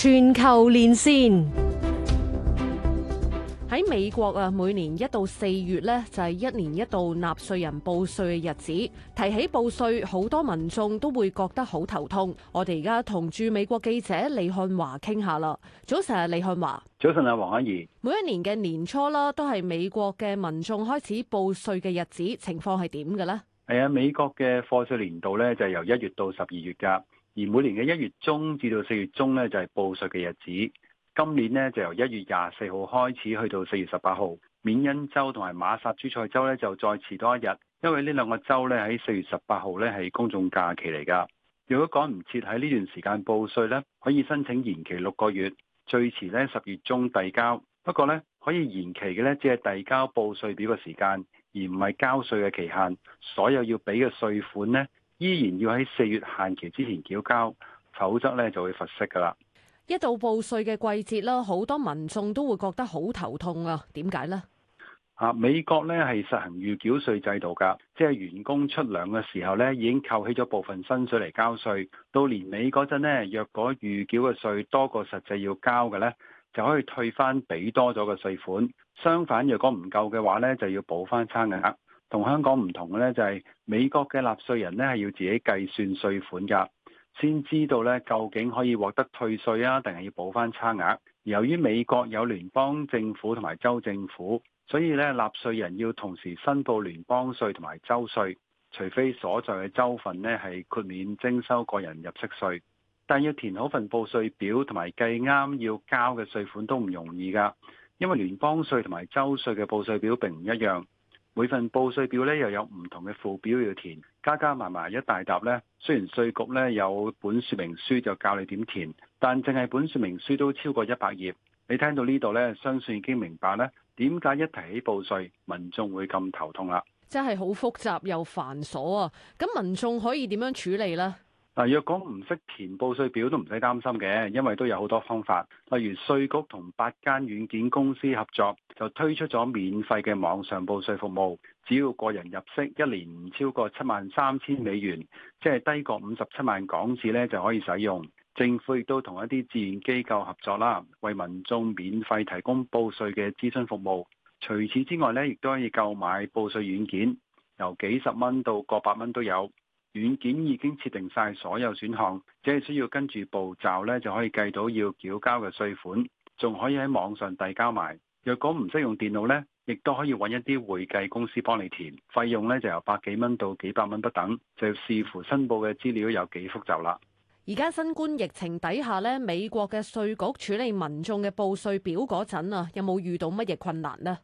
全球連線，喺美國啊，每年一到四月呢，就係、是、一年一度納稅人報稅嘅日子。提起報稅，好多民眾都會覺得好頭痛。我哋而家同駐美國記者李漢華傾下啦。早晨啊，李漢華。早晨啊，黃凱宜。每一年嘅年初啦，都係美國嘅民眾開始報稅嘅日子。情況係點嘅呢？係啊，美國嘅課稅年度呢，就係、是、由一月到十二月㗎。而每年嘅一月中至到四月中呢，就係報稅嘅日子。今年呢，就由一月廿四號開始去到四月十八號，緬因州同埋馬薩諸塞州呢，就再遲多一日，因為呢兩個州呢，喺四月十八號呢，係公眾假期嚟噶。如果趕唔切喺呢段時間報稅呢，可以申請延期六個月，最遲呢十月中遞交。不過呢，可以延期嘅呢，只係遞交報稅表嘅時間，而唔係交稅嘅期限。所有要俾嘅稅款呢，依然要喺四月限期之前繳交，否則咧就會罰息噶啦。一到報稅嘅季節啦，好多民眾都會覺得好頭痛啊。點解呢？啊，美國咧係實行預繳稅制度噶，即係員工出糧嘅時候咧已經扣起咗部分薪水嚟交稅，到年尾嗰陣咧，若果預繳嘅稅多過實際要交嘅咧，就可以退翻俾多咗嘅稅款；相反，若果唔夠嘅話咧，就要補翻差額。同香港唔同嘅咧，就係美國嘅納稅人呢，係要自己計算稅款噶，先知道呢，究竟可以獲得退稅啊，定係要補翻差額。由於美國有聯邦政府同埋州政府，所以呢納稅人要同時申報聯邦稅同埋州稅，除非所在嘅州份呢，係豁免徵收個人入息稅。但要填好份報稅表同埋計啱要交嘅稅款都唔容易噶，因為聯邦稅同埋州稅嘅報稅表並唔一樣。每份報稅表咧又有唔同嘅附表要填，加加埋埋一大沓咧。雖然稅局咧有本說明書就教你點填，但淨係本說明書都超過一百頁。你聽到呢度咧，相信已經明白咧點解一提起報稅，民眾會咁頭痛啦。真係好複雜又繁瑣啊！咁民眾可以點樣處理呢？嗱，若果唔識填報稅表都唔使擔心嘅，因為都有好多方法。例如，稅局同八間軟件公司合作，就推出咗免費嘅網上報稅服務。只要個人入息一年唔超過七萬三千美元，即係低過五十七萬港紙咧，就可以使用。政府亦都同一啲志願機構合作啦，為民眾免費提供報稅嘅諮詢服務。除此之外咧，亦都可以購買報稅軟件，由幾十蚊到過百蚊都有。軟件已經設定晒所有選項，只係需要跟住步驟呢，就可以計到要繳交嘅稅款，仲可以喺網上遞交埋。若果唔識用電腦呢，亦都可以揾一啲會計公司幫你填，費用呢就由百幾蚊到幾百蚊不等，就視乎申報嘅資料有幾複雜啦。而家新冠疫情底下呢，美國嘅稅局處理民眾嘅報稅表嗰陣啊，有冇遇到乜嘢困難呢？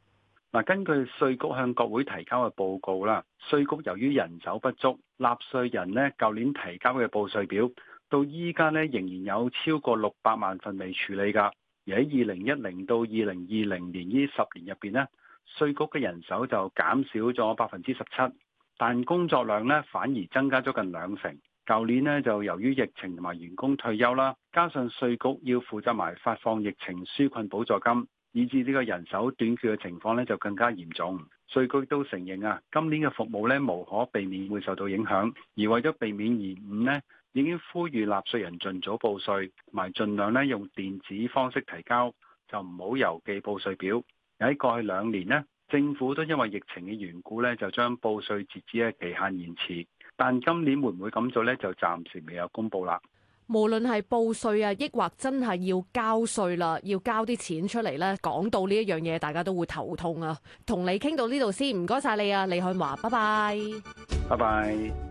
根據稅局向國會提交嘅報告啦，稅局由於人手不足，納稅人咧舊年提交嘅報稅表，到依家咧仍然有超過六百萬份未處理㗎。而喺二零一零到二零二零年呢十年入邊咧，稅局嘅人手就減少咗百分之十七，但工作量咧反而增加咗近兩成。舊年咧就由於疫情同埋員工退休啦，加上稅局要負責埋發放疫情紓困補助金。以至呢個人手短缺嘅情況呢，就更加嚴重，稅局都承認啊，今年嘅服務呢無可避免會受到影響，而為咗避免延誤呢，已經呼籲納稅人盡早報稅，同埋儘量呢用電子方式提交，就唔好郵寄報稅表。喺過去兩年呢，政府都因為疫情嘅緣故呢，就將報稅截止嘅期限延遲，但今年會唔會咁做呢？就暫時未有公布啦。無論係報稅啊，抑或真係要交稅啦，要交啲錢出嚟咧，講到呢一樣嘢，大家都會頭痛啊。同你傾到呢度先，唔該曬你啊，李漢華，拜拜，拜拜。